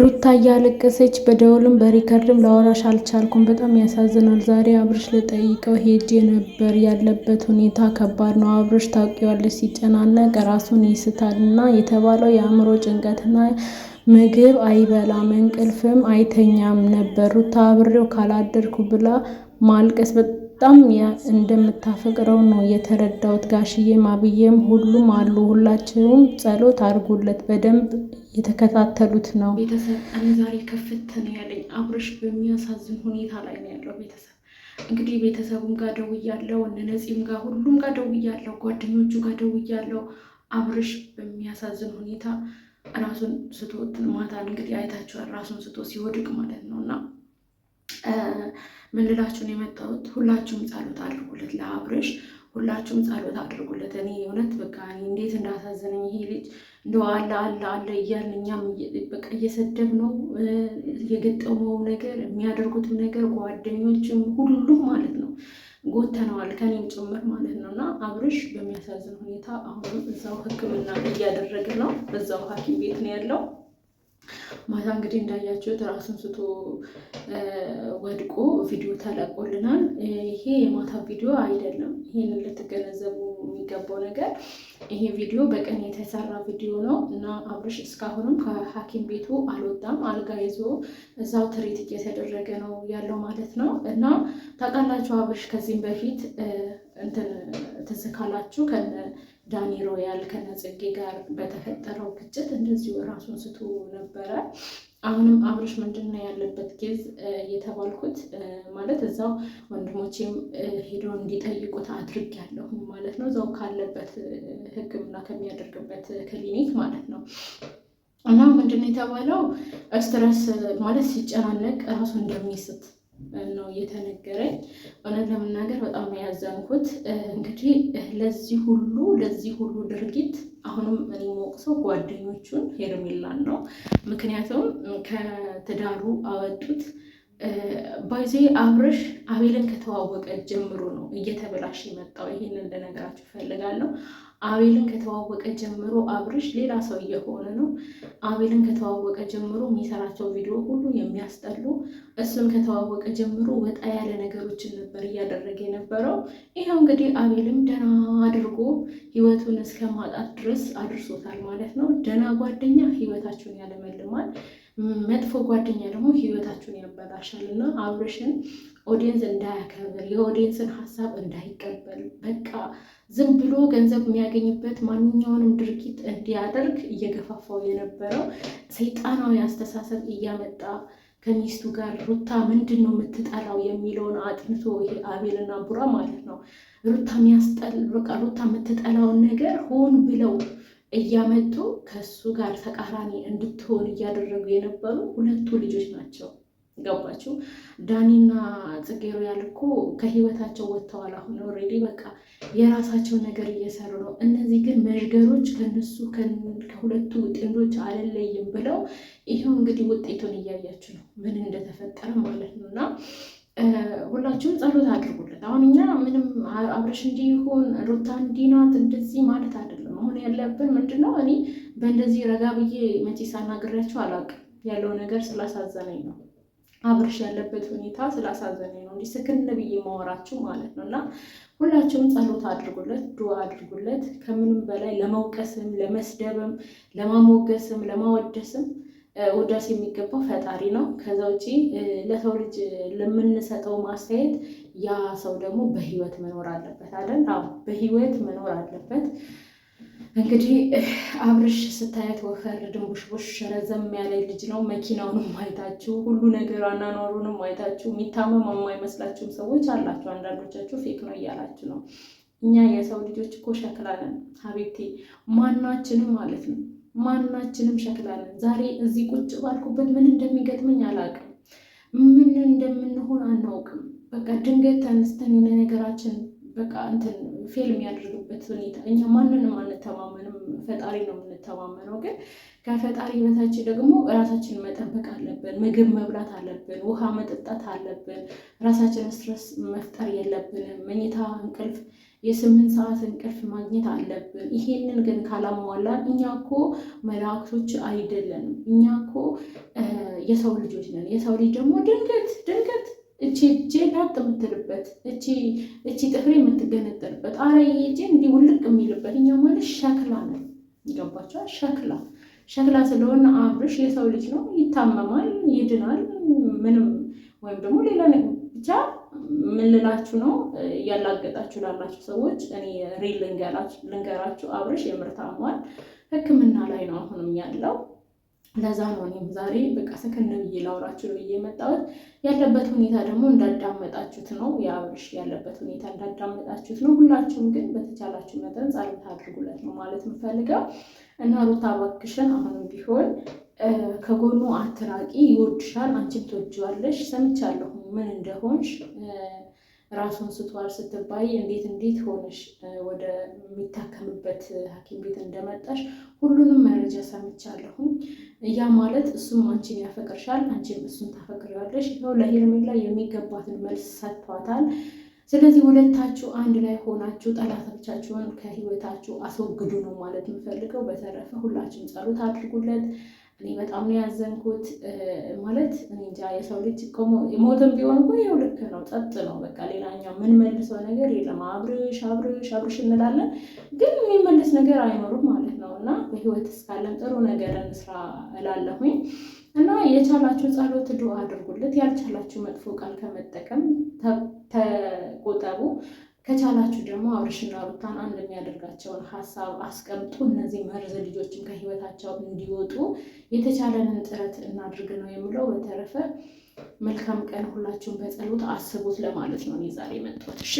ሩታ እያለቀሰች በደወልም በሪከርድም ላወራሽ አልቻልኩም። በጣም ያሳዝናል። ዛሬ አብርሽ ልጠይቀው ሄጄ ነበር። ያለበት ሁኔታ ከባድ ነው። አብርሽ ታውቂዋለች፣ ሲጨናነቅ ራሱን ይስታል እና የተባለው የአእምሮ ጭንቀትና ምግብ አይበላም እንቅልፍም አይተኛም ነበር። ሩታ አብሬው ካላደርኩ ብላ ማልቀስ በጣም እንደምታፈቅረው ነው የተረዳሁት። ጋሽዬም አብዬም ሁሉም አሉ። ሁላችሁም ጸሎት አድርጉለት በደንብ የተከታተሉት ነው። ቤተሰብ እኔ ዛሬ ከፍት ነው ያለኝ አብርሽ በሚያሳዝን ሁኔታ ላይ ነው ያለው። ቤተሰብ እንግዲህ ቤተሰቡም ጋር ደውያለው፣ እነ ነፂም ጋር ሁሉም ጋር ደውያለው፣ ጓደኞቹ ጋር ደውያለው። አብርሽ በሚያሳዝን ሁኔታ ራሱን ስቶ ማታ እንግዲህ አይታችኋል፣ ራሱን ስቶ ሲወድቅ ማለት ነው እና ምን ልላችሁን የመጣሁት ሁላችሁም ጸሎት አድርጉለት ለአብርሽ ሁላችሁም ጸሎት አድርጉለት። እኔ እውነት በቃ እንዴት እንዳሳዘነኝ ይሄ ልጅ እንደ አለ አለ አለ እያልን እኛም በቃ እየሰደብ ነው የገጠመው ነገር የሚያደርጉትም ነገር ጓደኞችም ሁሉም ማለት ነው ጎተነዋል፣ ከኔም ጭምር ማለት ነው። እና አብርሽ በሚያሳዝን ሁኔታ አሁን እዛው ሕክምና እያደረገ ነው። እዛው ሐኪም ቤት ነው ያለው። ማታ እንግዲህ እንዳያችሁት ራሱን ስቶ ወድቆ ቪዲዮ ተለቆልናል። ይሄ የማታ ቪዲዮ አይደለም። ይህንን ልትገነዘቡ የሚገባው ነገር ይሄ ቪዲዮ በቀን የተሰራ ቪዲዮ ነው እና አብርሽ እስካሁንም ከሐኪም ቤቱ አልወጣም። አልጋ ይዞ እዛው ትሬት እየተደረገ ነው ያለው ማለት ነው። እና ታውቃላችሁ አብርሽ ከዚህም በፊት እንትን ትዝ ካላችሁ ከነ ዳኒ ሮያል ከነ ጽጌ ጋር በተፈጠረው ግጭት እንደዚሁ እራሱን ስቶ ነበረ። አሁንም አብርሽ ምንድን ነው ያለበት ጊዝ የተባልኩት ማለት እዛው ወንድሞቼም ሄዶ እንዲጠይቁት አድርጊያለሁ ማለት ነው። እዛው ካለበት ሕክምና ከሚያደርግበት ክሊኒክ ማለት ነው። እና ምንድን ነው የተባለው ስትረስ ማለት ሲጨናነቅ ራሱ እንደሚስት ነው እየተነገረኝ። እውነት ለመናገር በጣም ያዘንኩት እንግዲህ ለዚህ ሁሉ ለዚህ ሁሉ ድርጊት አሁንም የሚወቅሰው ጓደኞቹን ሄርሜላን ነው። ምክንያቱም ከትዳሩ አወጡት ባይዜ አብርሽ አቤልን ከተዋወቀ ጀምሮ ነው እየተበላሽ የመጣው። ይሄንን ልነግራችሁ እፈልጋለሁ። አቤልን ከተዋወቀ ጀምሮ አብርሽ ሌላ ሰው እየሆነ ነው። አቤልን ከተዋወቀ ጀምሮ የሚሰራቸው ቪዲዮ ሁሉ የሚያስጠሉ፣ እሱን ከተዋወቀ ጀምሮ ወጣ ያለ ነገሮችን ነበር እያደረገ የነበረው። ይኸው እንግዲህ አቤልም ደህና አድርጎ ህይወቱን እስከ ማጣት ድረስ አድርሶታል ማለት ነው። ደህና ጓደኛ ህይወታችሁን ያለመልማል። መጥፎ ጓደኛ ደግሞ ህይወታችሁን ያበላሻል እና አብርሽን ኦዲየንስ እንዳያከብር የኦዲየንስን ሀሳብ እንዳይቀበል በቃ ዝም ብሎ ገንዘብ የሚያገኝበት ማንኛውንም ድርጊት እንዲያደርግ እየገፋፋው የነበረው ሰይጣናዊ አስተሳሰብ እያመጣ ከሚስቱ ጋር ሩታ ምንድን ነው የምትጠላው የሚለውን አጥንቶ ይሄ አቤልና ቡራ ማለት ነው ሩታ የሚያስጠል በቃ ሩታ የምትጠላውን ነገር ሆን ብለው እያመጡ ከሱ ጋር ተቃራኒ እንድትሆን እያደረጉ የነበሩ ሁለቱ ልጆች ናቸው። ገባችሁ? ዳኒና ጽጌሩ ያልኮ ከህይወታቸው ወጥተዋል። አሁን ኦልሬዲ በቃ የራሳቸው ነገር እየሰሩ ነው። እነዚህ ግን መዥገሮች ከነሱ ከሁለቱ ጥንዶች አልለይም ብለው ይሄው እንግዲህ ውጤቱን እያያችሁ ነው፣ ምን እንደተፈጠረ ማለት ነው እና ሁላችሁም ጸሎት አድርጉለት። አሁን እኛ ምንም አብረሽ እንዲህ ሆን ሩታ እንዲህ ናት እንደዚህ ማለት አይደለም መሆን ያለብን ምንድን ነው? እኔ በእንደዚህ ረጋ ብዬ መቼ ሳናግሪያቸው አላውቅም። ያለው ነገር ስላሳዘነኝ ነው። አብርሽ ያለበት ሁኔታ ስላሳዘነኝ ነው። እንዲህ ስክን ብዬ ማወራችሁ ማለት ነው። እና ሁላችሁም ጸሎት አድርጉለት፣ ዱዓ አድርጉለት። ከምንም በላይ ለመውቀስም፣ ለመስደብም፣ ለማሞገስም፣ ለማወደስም ውዳሴ የሚገባው ፈጣሪ ነው። ከዛ ውጪ ለሰው ልጅ ለምንሰጠው ማስተያየት ያ ሰው ደግሞ በህይወት መኖር አለበት አይደል? በህይወት መኖር አለበት። እንግዲህ አብርሽ ስታያት ወፈር ድንቡሽቡሽ ረዘም ያለ ልጅ ነው። መኪናውንም አይታችሁ ሁሉ ነገር አናኗሩንም አይታችሁ የሚታመም የማይመስላችሁም ሰዎች አላችሁ። አንዳንዶቻችሁ ፌክ ነው እያላችሁ ነው። እኛ የሰው ልጆች እኮ ሸክላ ነን ማናችንም ማለት ነው ማናችንም ሸክላለን ዛሬ እዚህ ቁጭ ባልኩበት ምን እንደሚገጥመኝ አላውቅም። ምን እንደምንሆን አናውቅም። በቃ ድንገት ተነስተን የሆነ ነገራችን በቃ እንትን ፌል የሚያደርግበት ሁኔታ እኛ ማንንም አንተማመንም፣ ፈጣሪ ነው የምንተማመነው። ግን ከፈጣሪ በታች ደግሞ ራሳችንን መጠበቅ አለብን። ምግብ መብላት አለብን። ውሃ መጠጣት አለብን። ራሳችን ስትረስ መፍጠር የለብንም። መኝታ እንቅልፍ የስምንት ሰዓት እንቅልፍ ማግኘት አለብን። ይሄንን ግን ካላሟላን እኛ እኮ መላእክቶች አይደለንም። እኛ እኮ የሰው ልጆች ነን። የሰው ልጅ ደግሞ ድንገት ድንገት እቺ እጄ ላጥ የምትልበት እቺ ጥፍሬ የምትገነጠልበት አረ እጄ እንዲህ ውልቅ የሚልበት እኛ ማለት ሸክላ ነው። ይገባቸዋል። ሸክላ ሸክላ ስለሆነ አብርሽ የሰው ልጅ ነው። ይታመማል፣ ይድናል። ምንም ወይም ደግሞ ሌላ ብቻ ምን ነው ያላገጣችሁ ላላችሁ ሰዎች እኔ ሪል ልንገራችሁ፣ አብርሽ የምርታሟል ሕክምና ላይ ነው አሁንም ያለው ለዛ ነው እኔም ዛሬ በቃ ሰከን ብዬ ላውራችሁ ብዬ የመጣሁት። ያለበት ሁኔታ ደግሞ እንዳዳመጣችሁት ነው፣ የአብርሽ ያለበት ሁኔታ እንዳዳመጣችሁት ነው። ሁላችሁም ግን በተቻላችሁ መጠን ጸሎት አድርጉለት ነው ማለት የምፈልገው እና ሩታ እባክሽን አሁንም ቢሆን ከጎኑ አትራቂ። ይወድሻል፣ አንቺም ትወጂዋለሽ። ሰምቻለሁ ምን እንደሆንሽ ራሱን ስቷል ስትባይ እንዴት እንዴት ሆነሽ ወደሚታከምበት ሐኪም ቤት እንደመጣሽ ሁሉንም መረጃ ሰምቻለሁ። ያ ማለት እሱም አንቺን ያፈቅርሻል፣ አንቺም እሱን ታፈቅሪዋለሽ። ይኸው ለሄርሜላ የሚገባትን መልስ ሰጥቷታል። ስለዚህ ሁለታችሁ አንድ ላይ ሆናችሁ ጠላቶቻችሁን ከህይወታችሁ አስወግዱ ነው ማለት የምፈልገው። በተረፈ ሁላችሁም ጸሎት አድርጉለት። እኔ በጣም ነው ያዘንኩት። ማለት እንጃ የሰው ልጅ ሞትም ቢሆን እኮ ያው ልክ ነው፣ ጸጥ ነው በቃ። ሌላኛው ምን መልሰው ነገር የለም። አብርሽ አብርሽ አብርሽ እንላለን፣ ግን የሚመልስ ነገር አይኖርም ማለት ነው። እና በህይወት እስካለን ጥሩ ነገር እንስራ እላለሁኝ። እና የቻላችሁ ጸሎት፣ ዱዓ አድርጉለት። ያልቻላችሁ መጥፎ ቃል ከመጠቀም ተቆጠቡ። ከቻላችሁ ደግሞ አብርሽና ሩታን አንድ የሚያደርጋቸውን ሀሳብ አስቀምጡ። እነዚህ መርዝ ልጆችን ከህይወታቸው እንዲወጡ የተቻለንን ጥረት እናድርግ ነው የምለው። በተረፈ መልካም ቀን፣ ሁላችሁን በጸሎት አስቡት ለማለት ነው ዛሬ የመጣሁት። እሺ